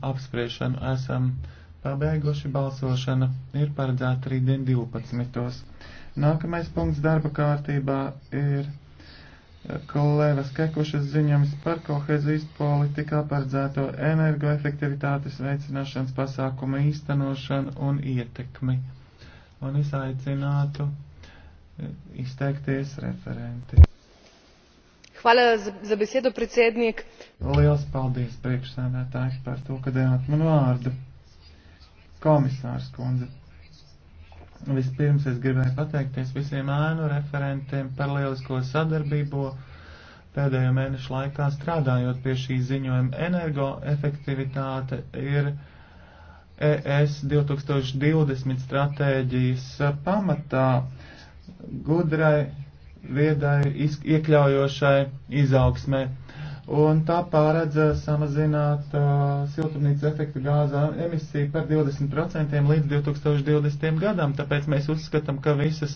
apspriešanu esam pabeiguši. Balsošana ir paredzēta rītdien 12. Nākamais punkts darba kārtībā ir kolēvas Kekušas ziņojums par kohezijas politikā paredzēto energoefektivitātes veicināšanas pasākumu īstenošanu un ietekmi. Un es aicinātu izteikties referenti. Hvala za besedo, predsednik. Liels paldies priekšsēdētāji par to, ka devāt man vārdu. Komisārs kundze. Vispirms es gribēju pateikties visiem ēnu referentiem par lielisko sadarbību pēdējo mēnešu laikā strādājot pie šī ziņojuma. Energoefektivitāte ir e ES 2020 stratēģijas pamatā gudrai viedai, iz, iekļaujošai izaugsmē. Un tā pārēdz eh, samazināt uh, siltumnīca efekta gāza emisiju par 20% līdz 2020. gadam. Tāpēc mēs uzskatām, ka visas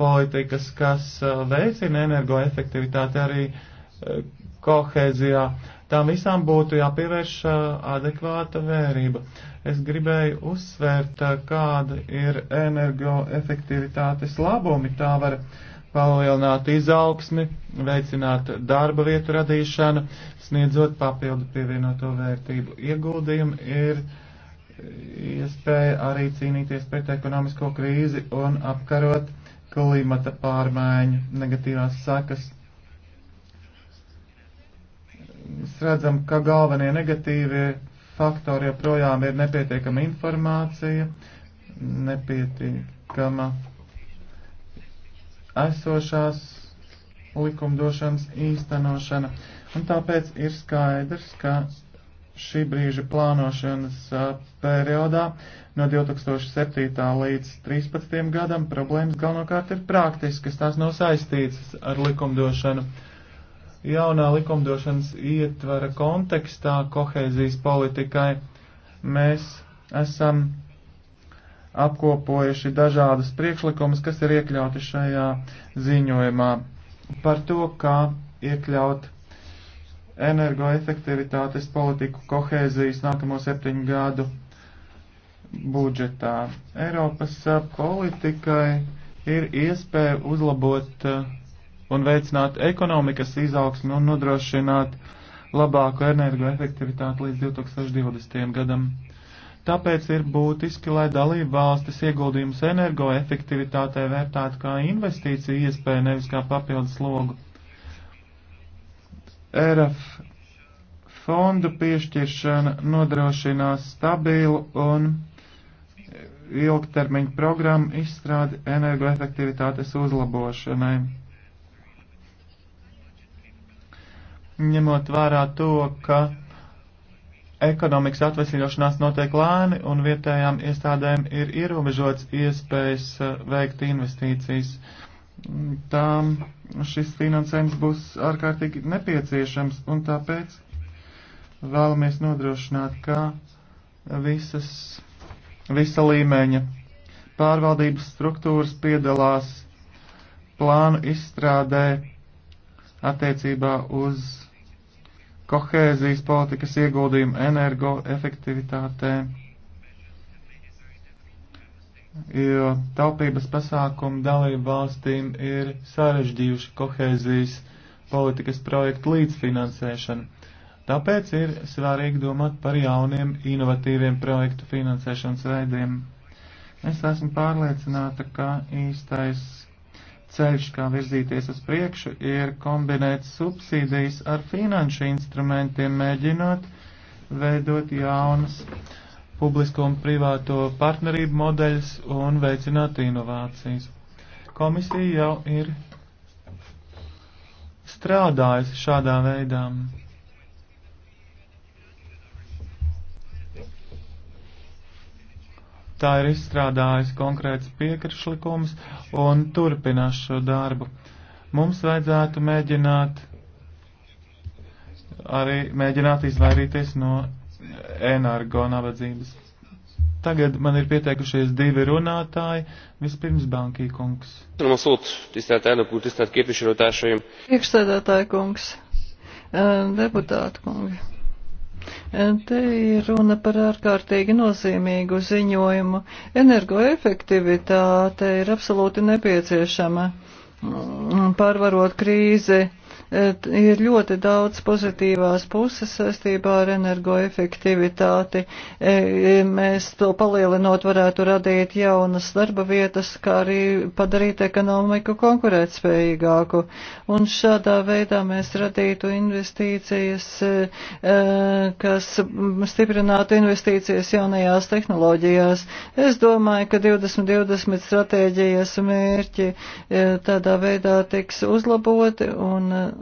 politikas, kas uh, veicina energoefektivitāti arī uh, kohēzijā, tām visām būtu jāpievērš uh, adekvāta vērība. Es gribēju uzsvērt, uh, kāda ir energoefektivitātes labumi. Tā var uh, palielināt izaugsmi, veicināt darba vietu radīšanu, sniedzot papildu pievienoto vērtību. Ieguldījumi ir iespēja arī cīnīties pret ekonomisko krīzi un apkarot klimata pārmaiņu negatīvās sakas. Mēs redzam, ka galvenie negatīvie faktori joprojām ir nepietiekama informācija, nepietiekama esošās likumdošanas īstenošana, un tāpēc ir skaidrs, ka šī brīža plānošanas periodā no 2007. līdz 2013. gadam problēmas galvenokārt ir praktiskas, tās nav saistītas ar likumdošanu. Jaunā likumdošanas ietvara kontekstā kohēzijas politikai mēs esam apkopojuši dažādas priekšlikumas, kas ir iekļauti šajā ziņojumā par to, kā iekļaut energoefektivitātes politiku kohēzijas nākamo septiņu gadu budžetā. Eiropas politikai ir iespēja uzlabot un veicināt ekonomikas izaugsmu un nodrošināt labāku energoefektivitāti līdz 2020. gadam. Tāpēc ir būtiski, lai dalību valstis ieguldījumus energoefektivitātē vērtētu kā investīciju iespēju, nevis kā papildus logu. ERF fondu piešķiršana nodrošinās stabilu un ilgtermiņu programmu izstrādi energoefektivitātes uzlabošanai. Ņemot vērā to, ka ekonomikas atvesļošanās notiek lēni un vietējām iestādēm ir ierobežots iespējas eh, veikt investīcijas. Mm, tām šis finansējums būs ārkārtīgi nepieciešams un tāpēc vēlamies nodrošināt, ka visas, visa līmeņa pārvaldības struktūras piedalās plānu izstrādē attiecībā uz kohēzijas politikas ieguldījumu energoefektivitātē, jo taupības pasākumu dalību valstīm ir sarežģījuši kohēzijas politikas projektu līdzfinansēšanu. Tāpēc ir svarīgi domāt par jauniem, inovatīviem projektu finansēšanas veidiem. Es esmu pārliecināta, ka īstais ceļš, kā virzīties uz priekšu, ir kombinēt subsīdijas ar finanšu instrumentiem, mēģinot veidot jaunas publisko un privāto partnerību modeļus un veicināt inovācijas. Komisija jau ir strādājusi šādā veidā. Tā ir izstrādājusi konkrēts piekrišlikums un turpinās šo darbu. Mums vajadzētu mēģināt arī mēģināt izvairīties no energo nabadzības. Tagad man ir pieteikušies divi runātāji. Vispirms Bankī kungs. Priekšsēdētāji kungs, eh, deputāti kungi. Te ir runa par ārkārtīgi nozīmīgu ziņojumu. Energoefektivitāte ir absolūti nepieciešama pārvarot krīzi Eh, ir ļoti daudz pozitīvās puses saistībā ar energoefektivitāti. Eh, eh, mēs to palielinot varētu radīt jaunas darba vietas, kā arī padarīt ekonomiku konkurētspējīgāku. Un šādā veidā mēs radītu investīcijas, kas stiprinātu investīcijas jaunajās tehnoloģijās. Es domāju, ka 2020 stratēģijas mērķi tādā veidā tiks uzlaboti un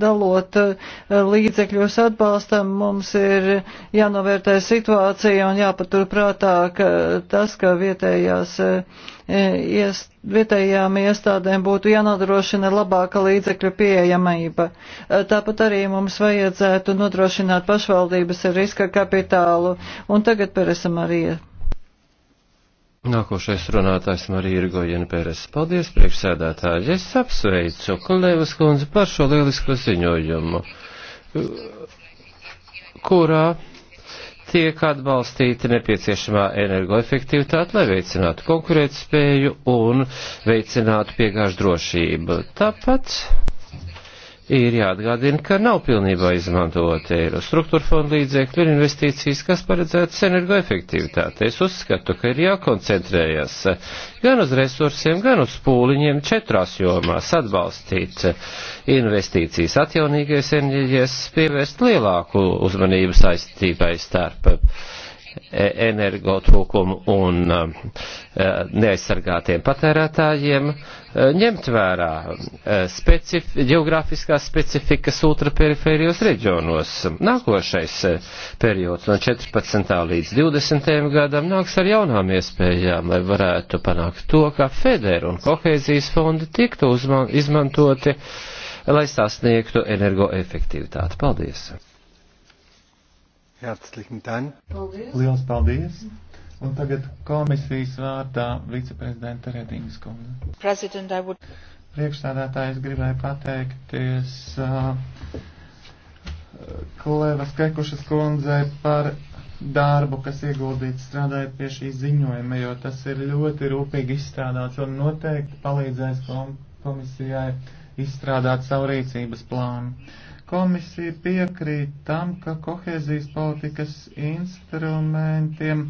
dalot eh, līdzekļos atbalstam, mums ir jānovērtē situācija un jāpaturprātā ka tas, ka vietējās eh, iestādes vietējām iestādēm būtu jānodrošina labāka līdzekļu pieejamība. Eh, tāpat arī mums vajadzētu nodrošināt pašvaldības ar riska kapitālu, un tagad peresam arī Nākošais runātājs Marija Irgojena Pēres. Paldies, priekšsēdētāji. Es apsveicu Kolēvas kundzi par šo lielisko ziņojumu, kurā tiek atbalstīta nepieciešamā energoefektivitāte, lai veicinātu konkurētspēju un veicinātu piegāžu drošību. Tāpat ir jāatgādina, ka nav pilnībā izmantot eiro struktūra fonda līdzekļu un investīcijas, kas paredzētas energoefektivitātei. Es uzskatu, ka ir jākoncentrējas gan uz resursiem, gan uz pūliņiem četrās jomās atbalstīt investīcijas atjaunīgais enerģijas, pievērst lielāku uzmanību saistībai starp E, energotrūkumu un e, neaizsargātiem patērētājiem, e, ņemt vērā specif geogrāfiskās specifikas ultraperifērijos reģionos. Nākošais periods no 14. līdz 20. gadam nāks ar jaunām iespējām, lai varētu panākt to, ka federu un kohēzijas fondi tiktu izmantoti, lai sasniegtu energoefektivitāti. Paldies! Herzlichen Dank. Paldies. Liels paldies. Un tagad komisijas vārdā viceprezidenta Redingas kundze. President, I would... Priekšstādātājs gribēja pateikties uh, Klevas Kekušas kundzei par darbu, kas ieguldīts strādājot pie šī ziņojuma, jo tas ir ļoti rūpīgi izstrādāts un noteikti palīdzēs kom komisijai izstrādāt savu rīcības plānu. Uh, Komisija piekrīt tam, ka kohēzijas politikas instrumentiem,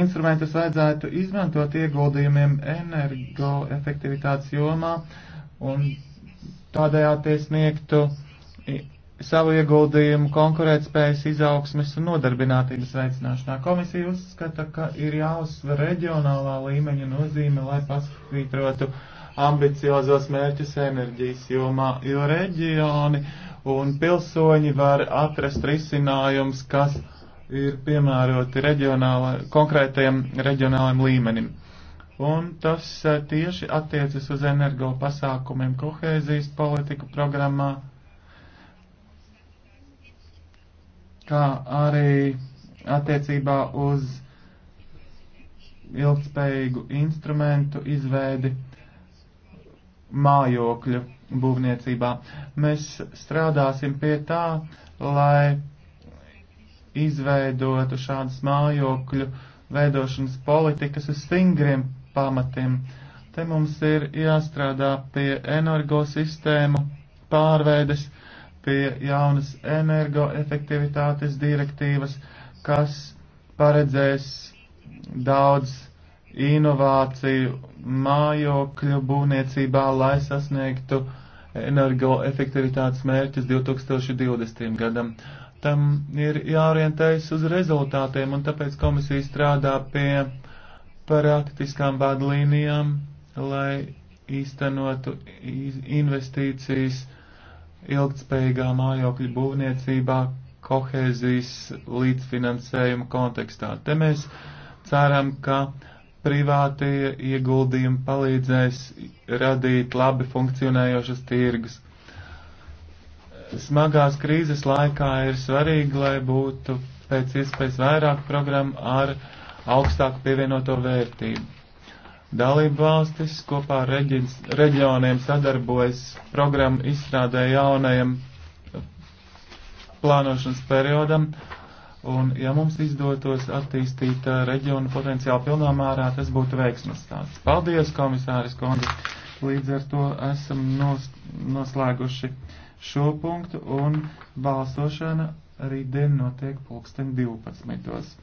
instrumentus vajadzētu izmantot ieguldījumiem energoefektivitātes jomā un tādējādi tie sniegtu savu ieguldījumu konkurētspējas izaugsmes un nodarbinātības veicināšanā. Komisija uzskata, ka ir jāuzsver reģionālā līmeņa nozīme, lai pasvītrotu ambiciozos mērķus enerģijas jomā, jo reģioni un pilsoņi var atrast risinājums, kas ir piemēroti reģionāla, konkrētajam reģionālam līmenim. Un tas e, tieši attiecas uz energo pasākumiem kohēzijas politiku programmā, kā arī attiecībā uz ilgspējīgu instrumentu izveidi mājokļu būvniecībā. Mēs strādāsim pie tā, lai izveidotu šādas mājokļu veidošanas politikas uz stingriem pamatiem. Te mums ir jāstrādā pie energosistēmu pārveides, pie jaunas energoefektivitātes direktīvas, kas paredzēs daudz inovāciju mājokļu būvniecībā, lai sasniegtu energoefektivitātes mērķus 2020. gadam. Tam ir jāorientējas uz rezultātiem, un tāpēc komisija strādā pie praktiskām vadlīnijām, lai īstenotu investīcijas ilgtspējīgā mājokļu būvniecībā kohēzijas līdzfinansējuma kontekstā. Te mēs ceram, ka privātie ieguldījumi palīdzēs radīt labi funkcionējošas tirgus. Smagās krīzes laikā ir svarīgi, lai būtu pēc iespējas vairāk programmu ar augstāku pievienoto vērtību. Dalību valstis kopā ar reģins, reģioniem sadarbojas programmu izstrādē jaunajam plānošanas periodam, Un, ja mums izdotos attīstīt uh, reģionu potenciāli pilnā mērā, tas būtu veiksmes stāsts. Paldies, komisāris Kondi! Līdz ar to esam nos, noslēguši šo punktu, un balsošana rītdien notiek pulksten 12.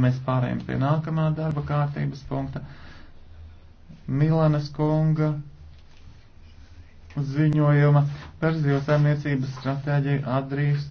Mēs pārējām pie nākamā darba kārtības punkta. Milanas kunga ziņojuma par zivsaimniecības stratēģiju atdrīkst.